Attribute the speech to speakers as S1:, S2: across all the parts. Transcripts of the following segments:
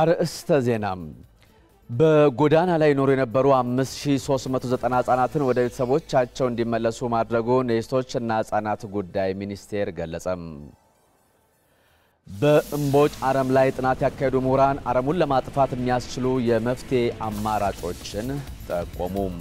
S1: አርእስተ ዜናም በጎዳና ላይ ይኖሩ የነበሩ 5390 ህጻናትን ወደ ቤተሰቦቻቸው እንዲመለሱ ማድረጉን የሴቶችና ህጻናት ጉዳይ ሚኒስቴር ገለጸም። በእምቦጭ አረም ላይ ጥናት ያካሄዱ ምሁራን አረሙን ለማጥፋት የሚያስችሉ የመፍትሄ አማራጮችን ጠቆሙም።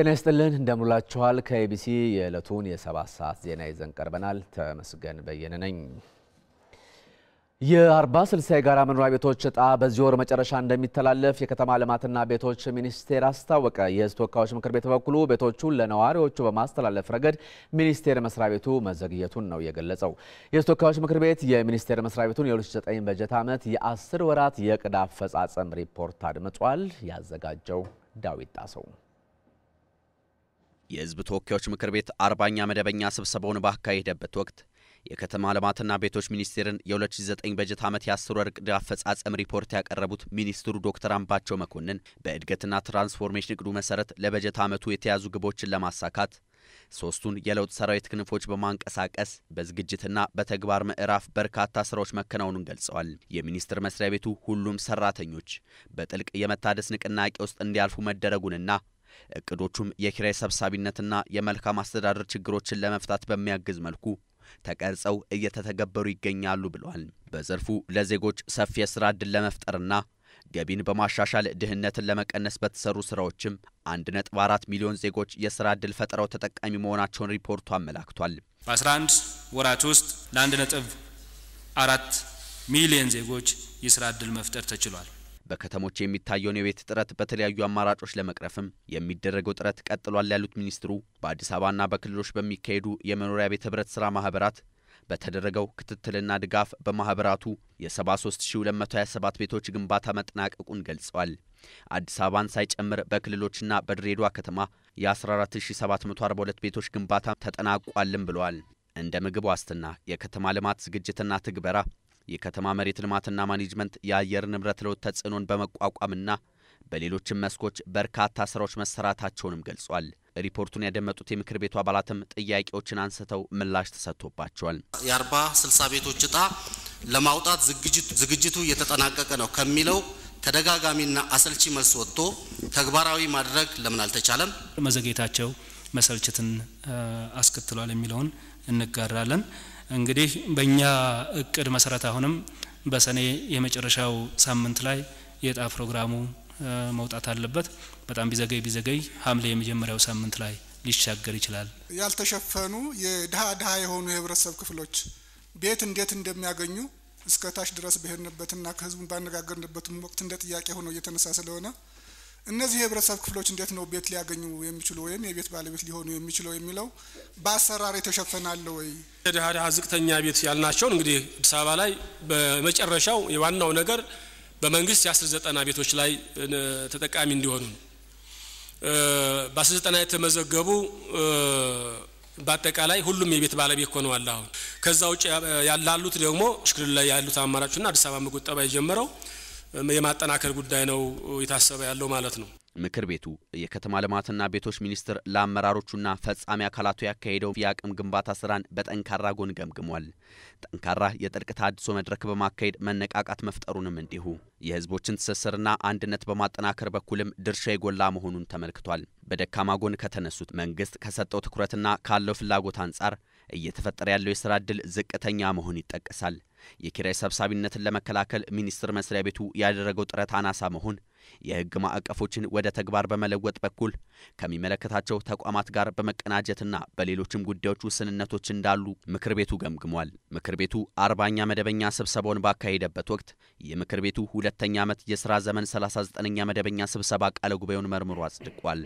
S1: ጤና ይስጥልን እንደምንላችኋል። ከኤቢሲ የዕለቱን የሰባት ሰዓት ዜና ይዘን ቀርበናል። ተመስገን በየነ ነኝ። የአርባ ስልሳ የጋራ መኖሪያ ቤቶች እጣ በዚህ ወር መጨረሻ እንደሚተላለፍ የከተማ ልማትና ቤቶች ሚኒስቴር አስታወቀ። የሕዝብ ተወካዮች ምክር ቤት በበኩሉ ቤቶቹን ለነዋሪዎቹ በማስተላለፍ ረገድ ሚኒስቴር መስሪያ ቤቱ መዘግየቱን ነው የገለጸው። የሕዝብ ተወካዮች ምክር ቤት የሚኒስቴር መስሪያ ቤቱን የ2009 በጀት ዓመት የአስር ወራት የዕቅድ አፈጻጸም ሪፖርት አድምጧል። ያዘጋጀው ዳዊት ጣሰው የህዝብ ተወካዮች ምክር ቤት አርባኛ መደበኛ ስብሰባውን ባካሄደበት ወቅት የከተማ ልማትና ቤቶች ሚኒስቴርን የ2009 በጀት ዓመት የአስር ወር እቅድ አፈጻጸም ሪፖርት ያቀረቡት ሚኒስትሩ ዶክተር አምባቸው መኮንን በእድገትና ትራንስፎርሜሽን እቅዱ መሰረት ለበጀት ዓመቱ የተያዙ ግቦችን ለማሳካት ሶስቱን የለውጥ ሰራዊት ክንፎች በማንቀሳቀስ በዝግጅትና በተግባር ምዕራፍ በርካታ ስራዎች መከናወኑን ገልጸዋል። የሚኒስቴር መስሪያ ቤቱ ሁሉም ሰራተኞች በጥልቅ የመታደስ ንቅናቄ ውስጥ እንዲያልፉ መደረጉንና እቅዶቹም የኪራይ ሰብሳቢነትና የመልካም አስተዳደር ችግሮችን ለመፍታት በሚያግዝ መልኩ ተቀርጸው እየተተገበሩ ይገኛሉ ብለዋል። በዘርፉ ለዜጎች ሰፊ የስራ ዕድል ለመፍጠርና ገቢን በማሻሻል ድህነትን ለመቀነስ በተሰሩ ስራዎችም 1.4 ሚሊዮን ዜጎች የስራ ዕድል ፈጥረው ተጠቃሚ መሆናቸውን ሪፖርቱ አመላክቷል።
S2: በ11 ወራት ውስጥ ለ1.4 ሚሊዮን ዜጎች የስራ ዕድል መፍጠር ተችሏል።
S1: በከተሞች የሚታየውን የቤት እጥረት በተለያዩ አማራጮች ለመቅረፍም የሚደረገው ጥረት ቀጥሏል ያሉት ሚኒስትሩ በአዲስ አበባና በክልሎች በሚካሄዱ የመኖሪያ ቤት ህብረት ስራ ማህበራት በተደረገው ክትትልና ድጋፍ በማህበራቱ የ73227 ቤቶች ግንባታ መጠናቀቁን ገልጸዋል። አዲስ አበባን ሳይጨምር በክልሎችና በድሬዳዋ ከተማ የ14742 ቤቶች ግንባታ ተጠናቋልም ብለዋል። እንደ ምግብ ዋስትና የከተማ ልማት ዝግጅትና ትግበራ የከተማ መሬት ልማትና ማኔጅመንት የአየር ንብረት ለውጥ ተጽዕኖን በመቋቋምና በሌሎችም መስኮች በርካታ ስራዎች መሰራታቸውንም ገልጿል። ሪፖርቱን ያደመጡት የምክር ቤቱ አባላትም ጥያቄዎችን አንስተው ምላሽ ተሰጥቶባቸዋል።
S3: የአርባ ስልሳ ቤቶች እጣ ለማውጣት ዝግጅቱ እየተጠናቀቀ ነው ከሚለው ተደጋጋሚና አሰልቺ መልስ ወጥቶ ተግባራዊ ማድረግ ለምን አልተቻለም?
S4: መዘግየታቸው መሰልችትን አስከትሏል የሚለውን እንጋራለን። እንግዲህ በእኛ እቅድ መሰረት አሁንም በሰኔ የመጨረሻው ሳምንት ላይ የእጣ ፕሮግራሙ መውጣት አለበት። በጣም ቢዘገይ ቢዘገይ ሐምሌ የመጀመሪያው ሳምንት ላይ ሊሻገር ይችላል።
S5: ያልተሸፈኑ የድሀ ድሀ የሆኑ የህብረተሰብ ክፍሎች ቤት እንዴት እንደሚያገኙ እስከ ታች ድረስ በሄድንበትና ከህዝቡን ባነጋገርንበትም ወቅት እንደ ጥያቄ ሆኖ እየተነሳ ስለሆነ እነዚህ የህብረተሰብ ክፍሎች እንዴት ነው ቤት ሊያገኙ የሚችሉ ወይም የቤት ባለቤት ሊሆኑ የሚችለው የሚለው በአሰራር የተሸፈናለ ወይ?
S6: የድሀ ዝቅተኛ ቤት ያልናቸውን እንግዲህ አዲስ አበባ ላይ በመጨረሻው የዋናው ነገር በመንግስት የአስር ዘጠና ቤቶች ላይ ተጠቃሚ እንዲሆኑ በአስር ዘጠና የተመዘገቡ በአጠቃላይ ሁሉም የቤት ባለቤት ሆነዋል። አሁን ከዛ ውጭ ያላሉት ደግሞ ሽክልል ላይ ያሉት አማራጮችና አዲስ አበባ መቆጠባ የጀመረው የማጠናከር ጉዳይ ነው የታሰበ ያለው ማለት ነው።
S1: ምክር ቤቱ የከተማ ልማትና ቤቶች ሚኒስቴር ለአመራሮቹና ፈጻሚ አካላቱ ያካሄደው የአቅም ግንባታ ስራን በጠንካራ ጎን ገምግሟል። ጠንካራ የጥልቅ ተሃድሶ መድረክ በማካሄድ መነቃቃት መፍጠሩንም እንዲሁ የህዝቦችን ትስስርና አንድነት በማጠናከር በኩልም ድርሻ የጎላ መሆኑን ተመልክቷል። በደካማ ጎን ከተነሱት መንግስት ከሰጠው ትኩረትና ካለው ፍላጎት አንጻር እየተፈጠረ ያለው የስራ እድል ዝቅተኛ መሆን ይጠቀሳል። የኪራይ ሰብሳቢነትን ለመከላከል ሚኒስቴር መስሪያ ቤቱ ያደረገው ጥረት አናሳ መሆን የህግ ማዕቀፎችን ወደ ተግባር በመለወጥ በኩል ከሚመለከታቸው ተቋማት ጋር በመቀናጀትና በሌሎችም ጉዳዮች ውስንነቶች እንዳሉ ምክር ቤቱ ገምግሟል። ምክር ቤቱ አርባኛ መደበኛ ስብሰባውን ባካሄደበት ወቅት የምክር ቤቱ ሁለተኛ ዓመት የሥራ ዘመን 39ኛ መደበኛ ስብሰባ ቃለ ጉባኤውን መርምሮ አጽድቋል።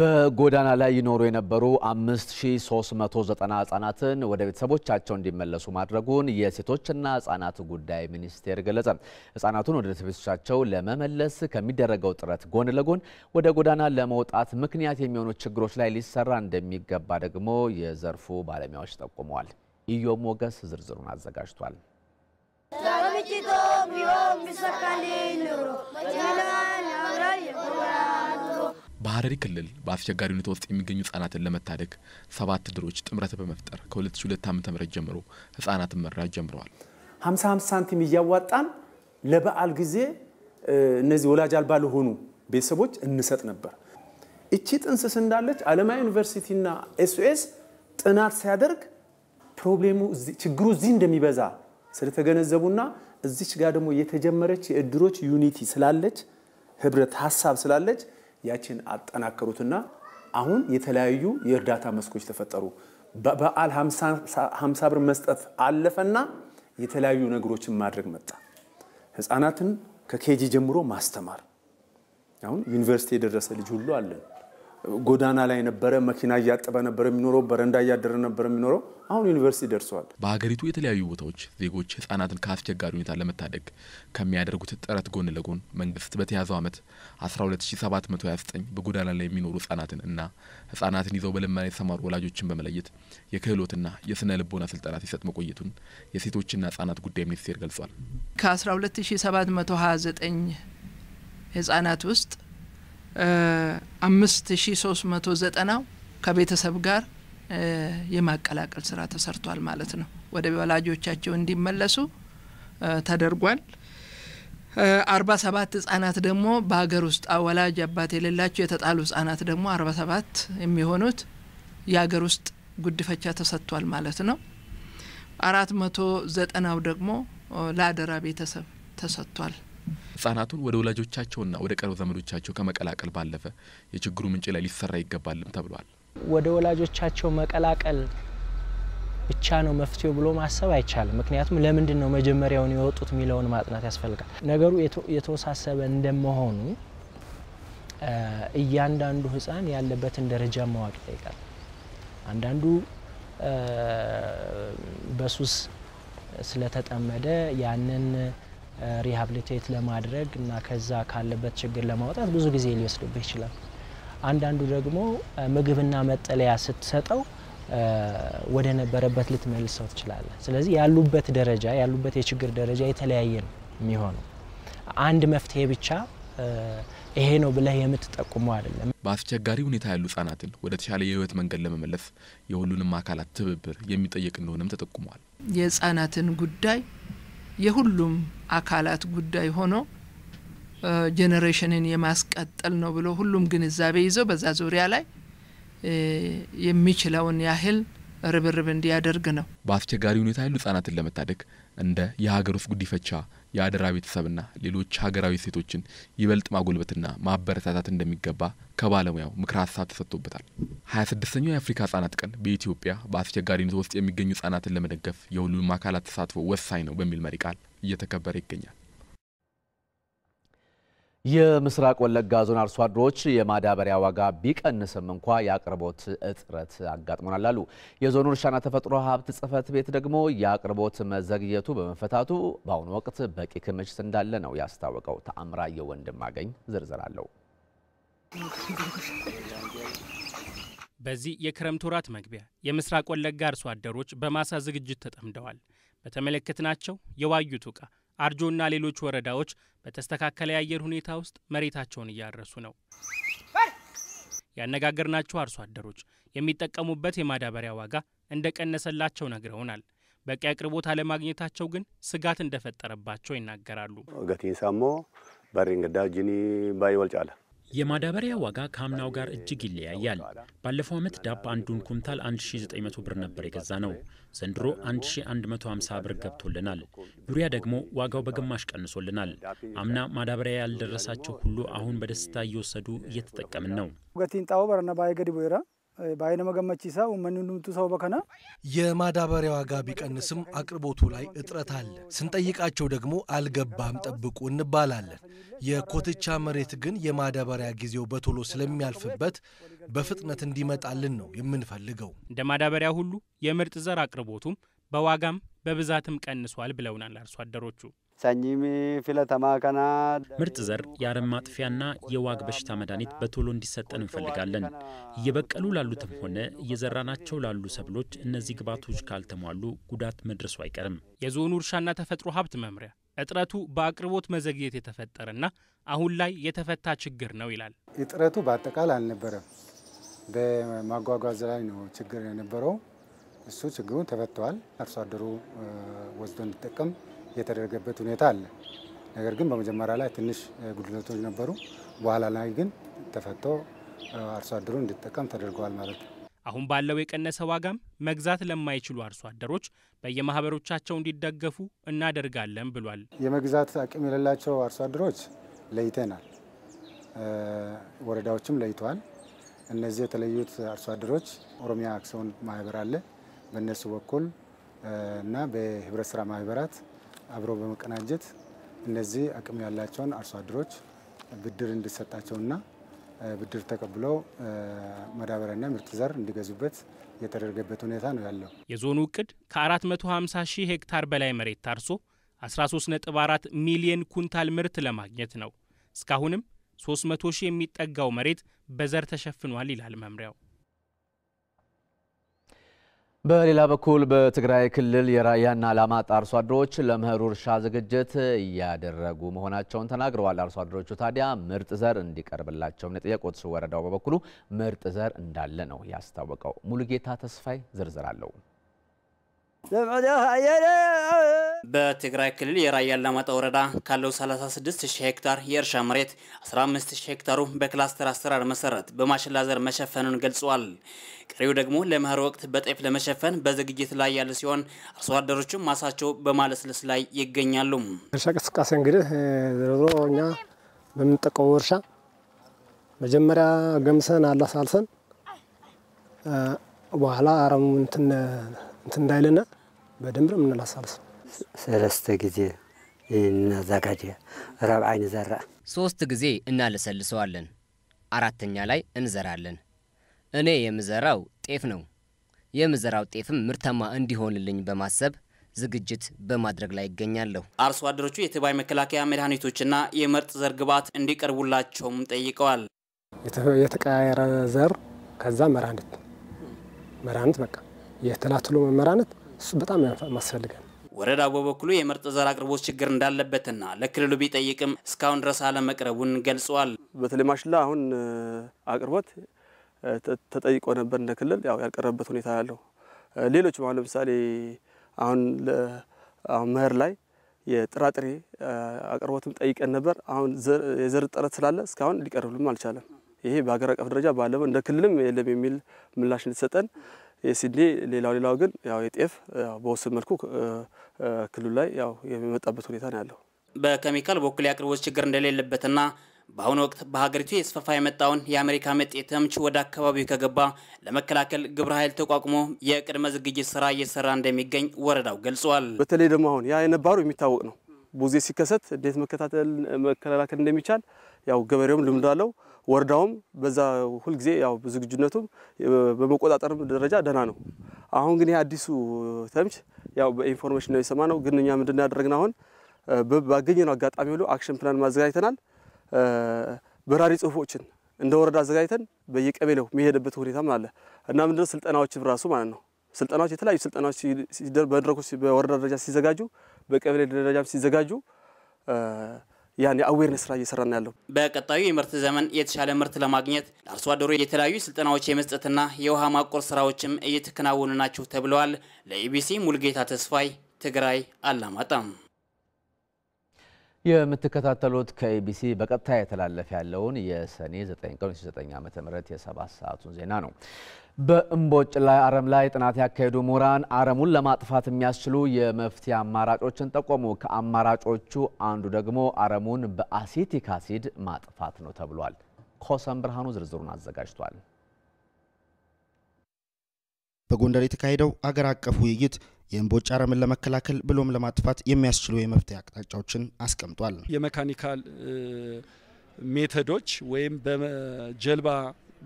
S1: በጎዳና ላይ ይኖሩ የነበሩ 5390 ህጻናትን ወደ ቤተሰቦቻቸው እንዲመለሱ ማድረጉን የሴቶችና ህጻናት ጉዳይ ሚኒስቴር ገለጸ። ህጻናቱን ወደ ቤተሰቦቻቸው ለመመለስ ከሚደረገው ጥረት ጎን ለጎን ወደ ጎዳና ለመውጣት ምክንያት የሚሆኑ ችግሮች ላይ ሊሰራ እንደሚገባ ደግሞ የዘርፉ ባለሙያዎች ጠቁመዋል። ኢዮ ሞገስ ዝርዝሩን አዘጋጅቷል።
S7: በሀረሪ ክልል በአስቸጋሪ ሁኔታ ውስጥ የሚገኙ ህጻናትን ለመታደግ ሰባት ድሮች ጥምረት በመፍጠር ከ2002 ም ጀምሮ ህጻናትን መርዳት ጀምረዋል።
S8: 55 ሳንቲም እያዋጣን ለበዓል ጊዜ እነዚህ ወላጅ አልባ ለሆኑ ቤተሰቦች እንሰጥ ነበር። እቺ ጥንስስ እንዳለች አለማ ዩኒቨርሲቲና ኤስኦኤስ ጥናት ሲያደርግ ፕሮብሌሙ ችግሩ እዚህ እንደሚበዛ ስለተገነዘቡና እዚች ጋር ደግሞ የተጀመረች የእድሮች ዩኒቲ ስላለች ህብረት ሀሳብ ስላለች ያችን አጠናከሩትና አሁን የተለያዩ የእርዳታ መስኮች ተፈጠሩ። በበዓል ሀምሳ ብር መስጠት አለፈና የተለያዩ ነገሮችን ማድረግ መጣ። ህፃናትን ከኬጂ ጀምሮ ማስተማር አሁን ዩኒቨርሲቲ የደረሰ ልጅ ሁሉ አለን። ጎዳና ላይ ነበረ፣ መኪና እያጠበ ነበር የሚኖረው፣ በረንዳ እያደረ ነበር የሚኖረው። አሁን ዩኒቨርሲቲ ደርሰዋል።
S7: በሀገሪቱ የተለያዩ ቦታዎች ዜጎች ህጻናትን ከአስቸጋሪ ሁኔታ ለመታደግ ከሚያደርጉት ጥረት ጎን ለጎን መንግስት በተያዘው ዓመት 12729 በጎዳና ላይ የሚኖሩ ህጻናትን እና ህጻናትን ይዘው በልመና የተሰማሩ ወላጆችን በመለየት የክህሎትና የስነ ልቦና ስልጠና ሲሰጥ መቆየቱን የሴቶችና ህጻናት ጉዳይ ሚኒስቴር ገልጿል።
S9: ከ12729 ህጻናት ውስጥ አምስት ሺ ሶስት መቶ ዘጠናው ከቤተሰብ ጋር የማቀላቀል ስራ ተሰርቷል ማለት ነው። ወደ ወላጆቻቸው እንዲመለሱ ተደርጓል። አርባ ሰባት ህጻናት ደግሞ በሀገር ውስጥ ወላጅ አባት የሌላቸው የተጣሉ ህጻናት ደግሞ አርባ ሰባት የሚሆኑት የሀገር ውስጥ ጉድፈቻ ተሰጥቷል ማለት ነው። አራት መቶ ዘጠናው ደግሞ ለአደራ ቤተሰብ ተሰጥቷል።
S7: ህጻናቱን ወደ ወላጆቻቸውና ወደ ቅርብ ዘመዶቻቸው ከመቀላቀል ባለፈ የችግሩ ምንጭ ላይ ሊሰራ ይገባልም ተብሏል።
S10: ወደ ወላጆቻቸው መቀላቀል ብቻ ነው መፍትሄው ብሎ ማሰብ አይቻልም። ምክንያቱም ለምንድን ነው መጀመሪያውን የወጡት የሚለውን ማጥናት ያስፈልጋል። ነገሩ የተወሳሰበ እንደመሆኑ እያንዳንዱ ህፃን ያለበትን ደረጃ ማወቅ ይጠይቃል። አንዳንዱ በሱስ ስለተጠመደ ያንን ሪሃብሊቴት ለማድረግ እና ከዛ ካለበት ችግር ለማውጣት ብዙ ጊዜ ሊወስድብህ ይችላል። አንዳንዱ ደግሞ ምግብና መጠለያ ስትሰጠው ወደ ነበረበት ልትመልሰው ትችላለህ። ስለዚህ ያሉበት ደረጃ ያሉበት የችግር ደረጃ የተለያየ ነው የሚሆነው። አንድ መፍትሄ ብቻ ይሄ ነው ብለህ የምትጠቁመው አይደለም።
S7: በአስቸጋሪ ሁኔታ ያሉ ህጻናትን ወደ ተሻለ የህይወት መንገድ ለመመለስ የሁሉንም አካላት ትብብር የሚጠየቅ እንደሆነም ተጠቁመዋል።
S9: የህጻናትን ጉዳይ የሁሉም አካላት ጉዳይ ሆኖ ጄኔሬሽንን የማስቀጠል ነው ብሎ ሁሉም ግንዛቤ ይዘው በዛ ዙሪያ ላይ የሚችለውን ያህል ርብርብ እንዲያደርግ ነው።
S7: በአስቸጋሪ ሁኔታ ያሉ ህጻናትን ለመታደግ እንደ የሀገር ውስጥ ጉዲፈቻ የአደራ ቤተሰብና ሌሎች ሀገራዊ ሴቶችን ይበልጥ ማጎልበትና ማበረታታት እንደሚገባ ከባለሙያው ምክር ሀሳብ ተሰጥቶበታል። ሀያ ስድስተኛው የአፍሪካ ህጻናት ቀን በኢትዮጵያ በአስቸጋሪነት ውስጥ የሚገኙ ህጻናትን ለመደገፍ የሁሉም አካላት ተሳትፎ ወሳኝ ነው በሚል መሪ ቃል እየተከበረ ይገኛል።
S1: የምስራቅ ወለጋ ዞን አርሶ አደሮች የማዳበሪያ ዋጋ ቢቀንስም እንኳ የአቅርቦት እጥረት አጋጥሞናል አሉ። የዞኑ እርሻና ተፈጥሮ ሀብት ጽሕፈት ቤት ደግሞ የአቅርቦት መዘግየቱ በመፈታቱ በአሁኑ ወቅት በቂ ክምችት እንዳለ ነው ያስታወቀው። ተአምራ የወንድም አገኝ ዝርዝር አለው።
S11: በዚህ የክረምት ወራት መግቢያ የምስራቅ ወለጋ አርሶ አደሮች በማሳ ዝግጅት ተጠምደዋል። በተመለከትናቸው የዋዩት ዕቃ አርጆና ሌሎች ወረዳዎች በተስተካከለ የአየር ሁኔታ ውስጥ መሬታቸውን እያረሱ ነው። ያነጋገርናቸው አርሶ አደሮች የሚጠቀሙበት የማዳበሪያ ዋጋ እንደቀነሰላቸው ነግረውናል። በቂ አቅርቦት አለማግኘታቸው ግን ስጋት እንደፈጠረባቸው ይናገራሉ።
S12: ገቲንሳሞ በሬ እንገዳ ጅኒ ባይ ወልጫለ
S13: የማዳበሪያ ዋጋ ከአምናው ጋር እጅግ ይለያያል። ባለፈው ዓመት ዳፕ አንዱን ኩንታል 1900 ብር ነበር የገዛ ነው። ዘንድሮ 1150 ብር ገብቶልናል። ዩሪያ ደግሞ ዋጋው በግማሽ ቀንሶልናል። አምና ማዳበሪያ ያልደረሳቸው ሁሉ አሁን በደስታ እየወሰዱ እየተጠቀምን ነው።
S14: ባይነ መገመቺሳ መንን ድምቱ ሰው በከና
S15: የማዳበሪያ ዋጋ ቢቀንስም አቅርቦቱ ላይ እጥረት አለ። ስንጠይቃቸው ደግሞ አልገባም ጠብቁ እንባላለን። የኮትቻ መሬት ግን የማዳበሪያ ጊዜው በቶሎ ስለሚያልፍበት በፍጥነት እንዲመጣልን ነው የምንፈልገው።
S11: እንደ ማዳበሪያ ሁሉ የምርጥ ዘር አቅርቦቱም በዋጋም በብዛትም ቀንሷል ብለውናል አርሶ አደሮቹ። ምርጥ ዘር የአረም ማጥፊያና የዋግ በሽታ መድኃኒት በቶሎ እንዲሰጠን እንፈልጋለን። እየበቀሉ ላሉትም ሆነ እየዘራናቸው ላሉ ሰብሎች እነዚህ ግብዓቶች ካልተሟሉ ጉዳት መድረሱ አይቀርም። የዞኑ እርሻና ተፈጥሮ ሀብት መምሪያ እጥረቱ በአቅርቦት መዘግየት የተፈጠረና አሁን ላይ የተፈታ ችግር ነው ይላል።
S16: እጥረቱ በአጠቃላይ አልነበረም፣ በማጓጓዝ ላይ ነው ችግር የነበረው። እሱ ችግሩን ተፈቷል። አርሶ አደሩ ወስዶ እንዲጠቀም የተደረገበት ሁኔታ አለ። ነገር ግን በመጀመሪያ ላይ ትንሽ ጉድለቶች ነበሩ። በኋላ ላይ ግን ተፈቶ አርሶ አደሩ እንዲጠቀም ተደርገዋል ማለት ነው።
S11: አሁን ባለው የቀነሰ ዋጋም መግዛት ለማይችሉ አርሶ አደሮች በየማህበሮቻቸው እንዲደገፉ እናደርጋለን ብሏል።
S16: የመግዛት አቅም የሌላቸው አርሶ አደሮች ለይተናል፣ ወረዳዎችም ለይተዋል። እነዚህ የተለዩት አርሶ አደሮች ኦሮሚያ አክሲዮን ማህበር አለ በእነሱ በኩል እና በህብረት ስራ ማህበራት አብረው በመቀናጀት እነዚህ አቅም ያላቸውን አርሶ አደሮች ብድር እንዲሰጣቸውና ብድር ተቀብለው መዳበሪያና ምርጥ ዘር እንዲገዙበት የተደረገበት ሁኔታ ነው ያለው።
S11: የዞኑ እቅድ ከ450 ሺህ ሄክታር በላይ መሬት ታርሶ 13.4 ሚሊየን ኩንታል ምርት ለማግኘት ነው። እስካሁንም 300 ሺህ የሚጠጋው መሬት በዘር ተሸፍኗል ይላል መምሪያው።
S1: በሌላ በኩል በትግራይ ክልል የራያና አላማጣ አርሶ አደሮች ለመኸሩ እርሻ ዝግጅት እያደረጉ መሆናቸውን ተናግረዋል። አርሶ አደሮቹ ታዲያ ምርጥ ዘር እንዲቀርብላቸውም የጠየቁት ወረዳው በበኩሉ ምርጥ ዘር እንዳለ ነው ያስታወቀው። ሙሉጌታ ተስፋይ ዝርዝር አለው።
S17: በትግራይ ክልል የራያ አላማጣ ወረዳ ካለው ሺህ ሄክታር የእርሻ መሬት ሺህ ሄክታሩ በክላስተር አሰራር መሰረት በማሽላ ዘር መሸፈኑን ገልጿል። ቀሪው ደግሞ ለመኸር ወቅት በጤፍ ለመሸፈን በዝግጅት ላይ ያለ ሲሆን አርሶ አደሮቹም ማሳቸው በማለስለስ ላይ ይገኛሉ።
S18: እርሻ እንቅስቃሴ እንግዲህ ዞሮ እኛ በምንጠቀው እርሻ መጀመሪያ ገምሰን አላሳልሰን በኋላ አረሙንትን እንትን እንዳይልና በደንብ ነው የምንላሳልሰው።
S19: ሰለስተ ጊዜ እናዘጋጀ ረብዓይ ንዘራ
S17: ሶስት ጊዜ እናለሰልሰዋለን። አራተኛ ላይ እንዘራለን። እኔ የምዘራው ጤፍ ነው። የምዘራው ጤፍም ምርታማ እንዲሆንልኝ በማሰብ ዝግጅት በማድረግ ላይ ይገኛለሁ። አርሶ አደሮቹ የተባይ መከላከያ መድኃኒቶችና የምርጥ ዘር ግብዓት እንዲቀርቡላቸውም ጠይቀዋል።
S18: የተቀያየረ ዘር ከዛ መድኃኒት መድኃኒት በቃ የተላትሎ መመራነት እሱ በጣም ያስፈልጋል።
S17: ወረዳው በበኩሉ የምርጥ ዘር አቅርቦት ችግር እንዳለበትና ለክልሉ ቢጠይቅም እስካሁን ድረስ አለመቅረቡን ገልጸዋል።
S18: በተለይ ማሽላ አሁን አቅርቦት ተጠይቆ ነበር እንደ ክልል ያው ያልቀረበት ሁኔታ ያለው ሌሎች አሁን ለምሳሌ አሁን መኸር ላይ የጥራጥሬ አቅርቦትም ጠይቀን ነበር። አሁን የዘር ጥረት ስላለ እስካሁን ሊቀርብልም አልቻለም። ይሄ በሀገር አቀፍ ደረጃ ባለፈው እንደ ክልልም የለም የሚል ምላሽ እንዲሰጠን የሲድኒ ሌላው ሌላው ግን ያው የጤፍ በውስን መልኩ ክልሉ ላይ ያው የሚመጣበት ሁኔታ ነው ያለው።
S17: በኬሚካል በኩል የአቅርቦት ችግር እንደሌለበትና በአሁኑ ወቅት በሀገሪቱ የስፋፋ የመጣውን የአሜሪካ መጤ ተምች ወደ አካባቢው ከገባ ለመከላከል ግብረ ኃይል ተቋቁሞ የቅድመ ዝግጅት ስራ እየሰራ እንደሚገኝ ወረዳው ገልጿል።
S18: በተለይ ደግሞ አሁን ያ የነባሩ የሚታወቅ ነው። ብዙ ሲከሰት እንዴት መከታተል መከላከል እንደሚቻል ያው ገበሬውም ልምድ አለው። ወረዳውም በዛ ሁልጊዜ ያው ዝግጁነቱም በመቆጣጠር ደረጃ ደህና ነው። አሁን ግን ይህ አዲሱ ተምች ያው በኢንፎርሜሽን ነው የሰማነው። ግን እኛ ምንድን ያደረግን አሁን ባገኘነው አጋጣሚ ሁሉ አክሽን ፕላን ማዘጋጅተናል። በራሪ ጽሁፎችን እንደ ወረዳ አዘጋጅተን በየቀበሌው የሚሄድበት ሁኔታም አለ እና ምንድነው ስልጠናዎች ራሱ ማለት ነው ስልጠናዎች የተለያዩ ስልጠናዎች በወረዳ ደረጃ ሲዘጋጁ፣ በቀበሌ ደረጃም ሲዘጋጁ ያን የአዌርነስ ስራ እየሰራና ያለው።
S17: በቀጣዩ የምርት ዘመን የተሻለ ምርት ለማግኘት ለአርሶ አደሩ የተለያዩ ስልጠናዎች የመስጠትና የውሃ ማቆር ስራዎችም እየተከናወኑ ናቸው ተብለዋል። ለኢቢሲ ሙልጌታ ተስፋይ ትግራይ አላማጣም።
S1: የምትከታተሉት ከኤቢሲ በቀጥታ የተላለፈ ያለውን የሰኔ 9 ቀን 9 ዓ ም የሰባት ሰዓቱን ዜና ነው። በእምቦጭ ላይ አረም ላይ ጥናት ያካሄዱ ምሁራን አረሙን ለማጥፋት የሚያስችሉ የመፍትሄ አማራጮችን ጠቆሙ። ከአማራጮቹ አንዱ ደግሞ አረሙን በአሴቲክ አሲድ ማጥፋት ነው ተብሏል። ኮሰም ብርሃኑ ዝርዝሩን አዘጋጅቷል። በጎንደር የተካሄደው አገር አቀፍ ውይይት የእምቦጭ አረምን ለመከላከል ብሎም ለማጥፋት የሚያስችሉ የመፍትሄ አቅጣጫዎችን አስቀምጧል።
S20: የመካኒካል ሜተዶች ወይም በጀልባ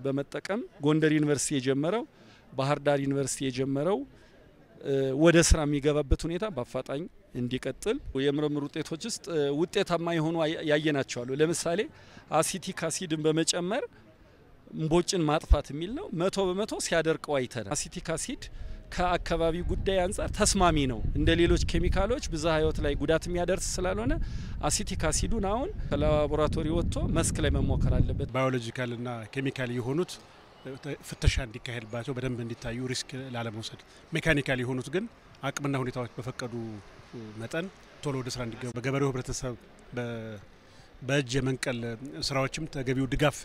S20: በመጠቀም ጎንደር ዩኒቨርሲቲ የጀመረው ባህር ዳር ዩኒቨርሲቲ የጀመረው ወደ ስራ የሚገባበት ሁኔታ በአፋጣኝ እንዲቀጥል የምርምር ውጤቶች ውስጥ ውጤታማ የሆኑ ያየናቸዋሉ። ለምሳሌ አሲቲክ አሲድን በመጨመር እምቦጭን ማጥፋት የሚል ነው። መቶ በመቶ ሲያደርቀው አይተናል። አሲቲክ አሲድ ከአካባቢው ጉዳይ አንጻር ተስማሚ ነው። እንደ ሌሎች ኬሚካሎች ብዝሃ ሕይወት ላይ ጉዳት የሚያደርስ ስላልሆነ አሲቲክ አሲዱን አሁን ከላቦራቶሪ ወጥቶ መስክ ላይ መሞከር አለበት።
S21: ባዮሎጂካልና ኬሚካል የሆኑት ፍተሻ እንዲካሄድባቸው በደንብ እንዲታዩ ሪስክ ላለመውሰድ፣ ሜካኒካል የሆኑት ግን አቅምና ሁኔታዎች በፈቀዱ መጠን ቶሎ ወደ ስራ እንዲገቡ በገበሬው ህብረተሰብ በእጅ የመንቀል ስራዎችም ተገቢው ድጋፍ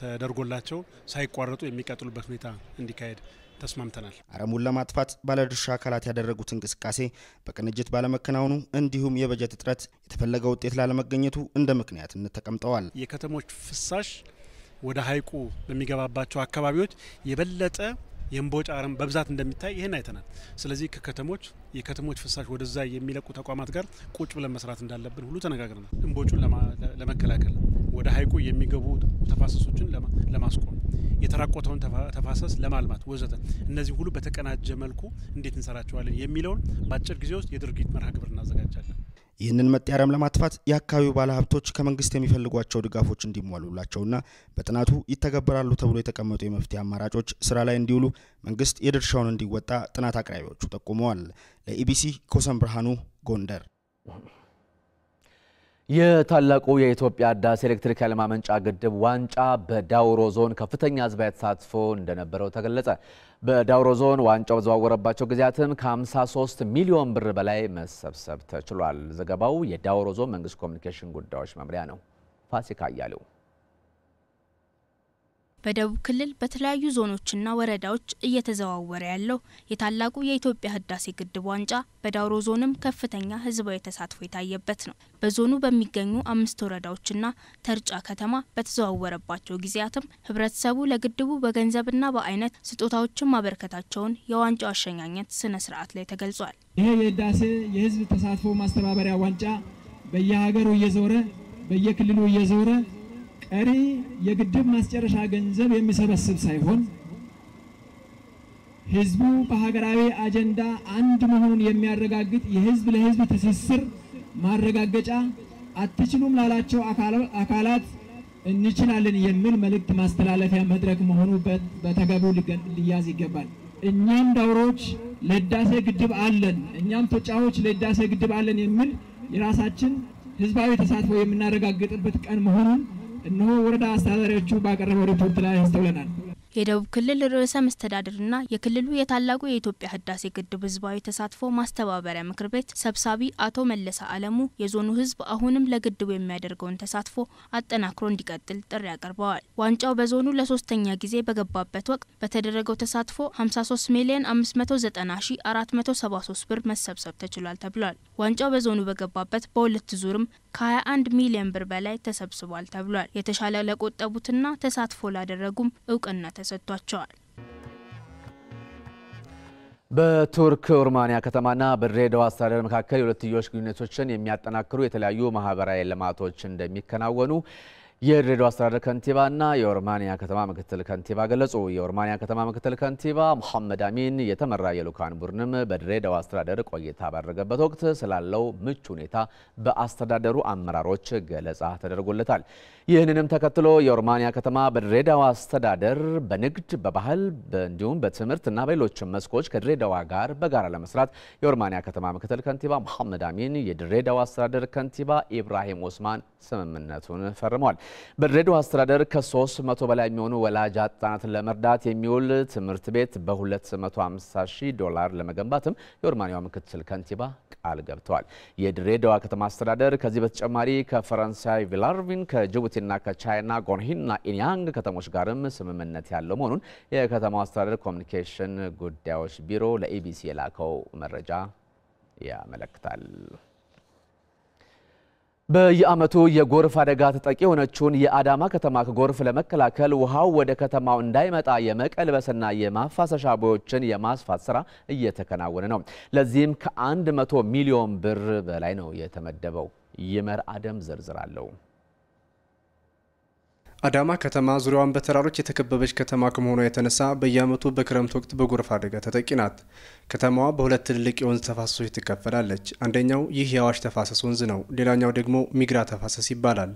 S21: ተደርጎላቸው ሳይቋረጡ የሚቀጥሉበት ሁኔታ እንዲካሄድ ተስማምተናል።
S22: አረሙን ለማጥፋት ባለድርሻ አካላት ያደረጉት እንቅስቃሴ በቅንጅት ባለመከናወኑ እንዲሁም የበጀት እጥረት የተፈለገ ውጤት ላለመገኘቱ እንደ ምክንያትነት ተቀምጠዋል።
S20: የከተሞች ፍሳሽ ወደ ሀይቁ በሚገባባቸው አካባቢዎች የበለጠ የእምቦጭ አረም በብዛት እንደሚታይ ይህን አይተናል። ስለዚህ ከከተሞች የከተሞች ፍሳሽ ወደዛ የሚለቁ ተቋማት ጋር ቁጭ ብለን መስራት እንዳለብን ሁሉ ተነጋግረናል። እምቦጩን ለመከላከል ወደ ሀይቁ የሚገቡ ተፋሰሶችን ለማስቆም የተራቆተውን ተፋሰስ ለማልማት ወዘተ እነዚህ ሁሉ በተቀናጀ መልኩ እንዴት እንሰራቸዋለን የሚለውን በአጭር ጊዜ ውስጥ የድርጊት መርሃ ግብር እናዘጋጃለን።
S1: ይህንን መጤ አረም ለማጥፋት የአካባቢው ባለሀብቶች ከመንግስት የሚፈልጓቸው ድጋፎች እንዲሟሉላቸውና በጥናቱ ይተገበራሉ ተብሎ የተቀመጡ የመፍትሄ አማራጮች ስራ ላይ እንዲውሉ መንግስት የድርሻውን እንዲወጣ ጥናት አቅራቢዎቹ ጠቁመዋል። ለኢቢሲ ኮሰን ብርሃኑ ጎንደር የታላቁ የኢትዮጵያ ህዳሴ ኤሌክትሪክ ኃይል ማመንጫ ግድብ ዋንጫ በዳውሮ ዞን ከፍተኛ ህዝባዊ ተሳትፎ እንደነበረው ተገለጸ። በዳውሮ ዞን ዋንጫው በተዘዋወረባቸው ጊዜያትም ከ53 ሚሊዮን ብር በላይ መሰብሰብ ተችሏል። ዘገባው የዳውሮ ዞን መንግስት ኮሚኒኬሽን ጉዳዮች መምሪያ ነው። ፋሲካ አያሌው
S23: በደቡብ ክልል በተለያዩ ዞኖችና ወረዳዎች እየተዘዋወረ ያለው የታላቁ የኢትዮጵያ ህዳሴ ግድብ ዋንጫ በዳውሮ ዞንም ከፍተኛ ህዝባዊ ተሳትፎ የታየበት ነው። በዞኑ በሚገኙ አምስት ወረዳዎችና ተርጫ ከተማ በተዘዋወረባቸው ጊዜያትም ህብረተሰቡ ለግድቡ በገንዘብና በአይነት ስጦታዎችን ማበረከታቸውን የዋንጫው አሸኛኘት ስነ ስርዓት ላይ ተገልጿል።
S24: ይሄ የህዳሴ የህዝብ ተሳትፎ ማስተባበሪያ ዋንጫ በየሀገሩ እየዞረ በየክልሉ እየዞረ ቀሪ የግድብ ማስጨረሻ ገንዘብ የሚሰበስብ ሳይሆን ህዝቡ በሀገራዊ አጀንዳ አንድ መሆኑን የሚያረጋግጥ የህዝብ ለህዝብ ትስስር ማረጋገጫ አትችሉም ላላቸው አካላት እንችላለን የሚል መልእክት ማስተላለፊያ መድረክ መሆኑ በተገቢው ሊያዝ ይገባል። እኛም ዳውሮች ለህዳሴ ግድብ አለን፣ እኛም ቶጫዎች ለህዳሴ ግድብ አለን የሚል የራሳችን ህዝባዊ ተሳትፎ የምናረጋግጥበት ቀን መሆኑን እነሆ ወረዳ አስተዳዳሪዎቹ ባቀረበው ሪፖርት ላይ አስተውለናል።
S23: የደቡብ ክልል ርዕሰ መስተዳድርና የክልሉ የታላቁ የኢትዮጵያ ህዳሴ ግድብ ህዝባዊ ተሳትፎ ማስተባበሪያ ምክር ቤት ሰብሳቢ አቶ መለሰ አለሙ የዞኑ ህዝብ አሁንም ለግድቡ የሚያደርገውን ተሳትፎ አጠናክሮ እንዲቀጥል ጥሪ አቅርበዋል። ዋንጫው በዞኑ ለሶስተኛ ጊዜ በገባበት ወቅት በተደረገው ተሳትፎ 53 ሚሊዮን 473 ብር መሰብሰብ ተችሏል ተብሏል። ዋንጫው በዞኑ በገባበት በሁለት ዙርም ከ21 ሚሊዮን ብር በላይ ተሰብስቧል ተብሏል። የተሻለ ለቆጠቡትና ተሳትፎ ላደረጉም እውቅና ተሰጥቷቸዋል።
S1: በቱርክ ኦርማንያ ከተማና በድሬዳዋ አስተዳደር መካከል የሁለትዮሽ ግንኙነቶችን የሚያጠናክሩ የተለያዩ ማህበራዊ ልማቶች እንደሚከናወኑ የድሬዳዋ አስተዳደር ከንቲባና የኦሮማንያ ከተማ ምክትል ከንቲባ ገለጹ። የኦሮማንያ ከተማ ምክትል ከንቲባ ሙሐመድ አሚን የተመራ የልዑካን ቡድንም በድሬዳዋ አስተዳደር ቆይታ ባደረገበት ወቅት ስላለው ምቹ ሁኔታ በአስተዳደሩ አመራሮች ገለጻ ተደርጎለታል። ይህንንም ተከትሎ የኦሮማንያ ከተማ በድሬዳዋ አስተዳደር በንግድ፣ በባህል እንዲሁም በትምህርትና በሌሎችም መስኮች ከድሬዳዋ ጋር በጋራ ለመስራት የኦሮማንያ ከተማ ምክትል ከንቲባ ሙሐመድ አሚን፣ የድሬዳዋ አስተዳደር ከንቲባ ኢብራሂም ኦስማን ስምምነቱን ፈርመዋል። በድሬዳዋ አስተዳደር ከ300 በላይ የሚሆኑ ወላጅ አጥ ለመርዳት የሚውል ትምህርት ቤት በ250 ዶላር ለመገንባትም የኦሮማኒያዋ ምክትል ከንቲባ ቃል ገብተዋል። የድሬዳዋ ከተማ አስተዳደር ከዚህ በተጨማሪ ከፈረንሳይ ቪላርቪን፣ ከጅቡቲና ከቻይና ጎንሂና ኢንያንግ ከተሞች ጋርም ስምምነት ያለው መሆኑን የከተማው አስተዳደር ኮሚኒኬሽን ጉዳዮች ቢሮ ለኢቢሲ የላከው መረጃ ያመለክታል። በየዓመቱ የጎርፍ አደጋ ተጠቂ የሆነችውን የአዳማ ከተማ ከጎርፍ ለመከላከል ውሃው ወደ ከተማው እንዳይመጣ የመቀልበስና የማፋሰሻ ቦዮችን የማስፋት ስራ እየተከናወነ ነው። ለዚህም ከ መቶ
S25: ሚሊዮን ብር በላይ ነው የተመደበው። ይመር አደም ዝርዝር አለው። አዳማ ከተማ ዙሪያዋን በተራሮች የተከበበች ከተማ ከመሆኗ የተነሳ በየዓመቱ በክረምት ወቅት በጎርፍ አደጋ ተጠቂ ናት። ከተማዋ በሁለት ትልልቅ የወንዝ ተፋሰሶች ትከፈላለች። አንደኛው ይህ የአዋሽ ተፋሰስ ወንዝ ነው። ሌላኛው ደግሞ ሚግራ ተፋሰስ ይባላል።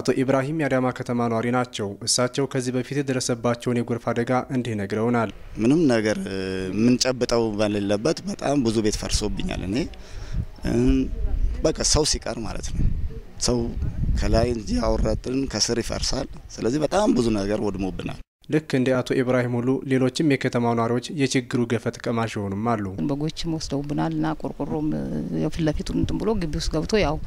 S25: አቶ ኢብራሂም የአዳማ ከተማ ነዋሪ ናቸው። እሳቸው ከዚህ በፊት የደረሰባቸውን የጎርፍ አደጋ እንዲህ ነግረውናል።
S26: ምንም ነገር የምንጨብጠው በሌለበት በጣም ብዙ ቤት ፈርሶብኛል። እኔ በቃ ሰው ሲቀር ማለት ነው ሰው ከላይ እንጂ አወራጥን ከስር ይፈርሳል። ስለዚህ በጣም ብዙ ነገር ወድሞብናል።
S25: ልክ እንደ አቶ ኢብራሂም ሁሉ ሌሎችም የከተማው ነዋሪዎች የችግሩ ገፈት ቀማሽ የሆኑም አሉ።
S27: በጎችም ወስደውብናል እና ቆርቆሮም ፊት ለፊቱን እንትን ብሎ ግቢ ውስጥ ገብቶ ያው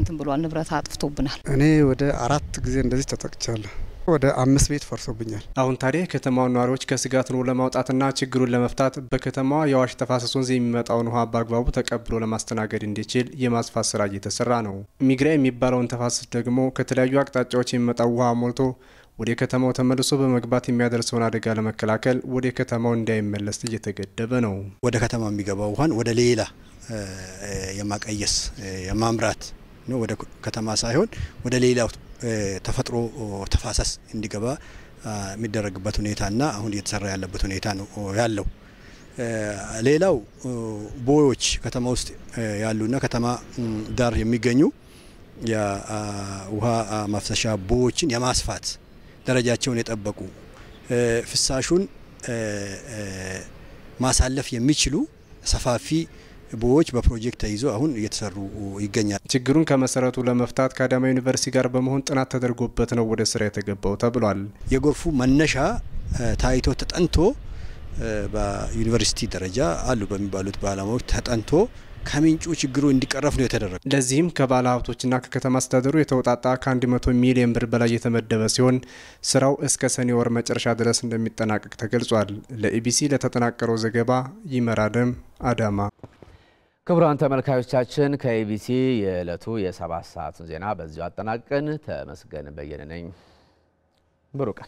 S27: እንትን ብሏል። ንብረት አጥፍቶብናል።
S25: እኔ ወደ አራት ጊዜ እንደዚህ ተጠቅቻለሁ። ወደ አምስት ቤት ፈርሶብኛል። አሁን ታዲያ የከተማውን ነዋሪዎች ከስጋት ኑሮ ለማውጣትና ችግሩን ለመፍታት በከተማዋ የአዋሽ ተፋሰስ ወንዝ የሚመጣውን ውሃ በአግባቡ ተቀብሎ ለማስተናገድ እንዲችል የማስፋት ስራ እየተሰራ ነው። ሚግራ የሚባለውን ተፋሰስ ደግሞ ከተለያዩ አቅጣጫዎች የሚመጣው ውሃ ሞልቶ ወደ ከተማው ተመልሶ በመግባት የሚያደርሰውን አደጋ ለመከላከል ወደ ከተማው እንዳይመለስ እየተገደበ ነው።
S28: ወደ ከተማው የሚገባው ውሃን ወደ ሌላ የማቀየስ የማምራት ነው። ወደ ከተማ ሳይሆን ወደ ሌላው ተፈጥሮ ተፋሰስ እንዲገባ የሚደረግበት ሁኔታና አሁን እየተሰራ ያለበት ሁኔታ ነው ያለው። ሌላው ቦዮች ከተማ ውስጥ ያሉና ከተማ ዳር የሚገኙ የውሃ ማፍሰሻ ቦዮችን የማስፋት ደረጃቸውን የጠበቁ ፍሳሹን ማሳለፍ የሚችሉ ሰፋፊ ቦዎች በፕሮጀክት ተይዞ አሁን እየተሰሩ ይገኛል።
S25: ችግሩን ከመሰረቱ ለመፍታት ከአዳማ ዩኒቨርሲቲ ጋር በመሆን ጥናት ተደርጎበት ነው ወደ ስራ የተገባው ተብሏል።
S28: የጎርፉ መነሻ ታይቶ ተጠንቶ በዩኒቨርሲቲ ደረጃ አሉ በሚባሉት ባለሙያዎች ተጠንቶ ከምንጩ ችግሩ እንዲቀረፍ ነው የተደረገ።
S25: ለዚህም ከባለ ሀብቶችና ከከተማ አስተዳደሩ የተውጣጣ ከ100 ሚሊዮን ብር በላይ የተመደበ ሲሆን ስራው እስከ ሰኔ ወር መጨረሻ ድረስ እንደሚጠናቀቅ ተገልጿል። ለኢቢሲ ለተጠናቀረው ዘገባ ይመራደም አዳማ
S1: ክቡራን ተመልካዮቻችን ከኢቢሲ የዕለቱ የሰባት ሰዓቱን ዜና በዚሁ አጠናቀን ተመስገን በየነ ነኝ። ብሩህ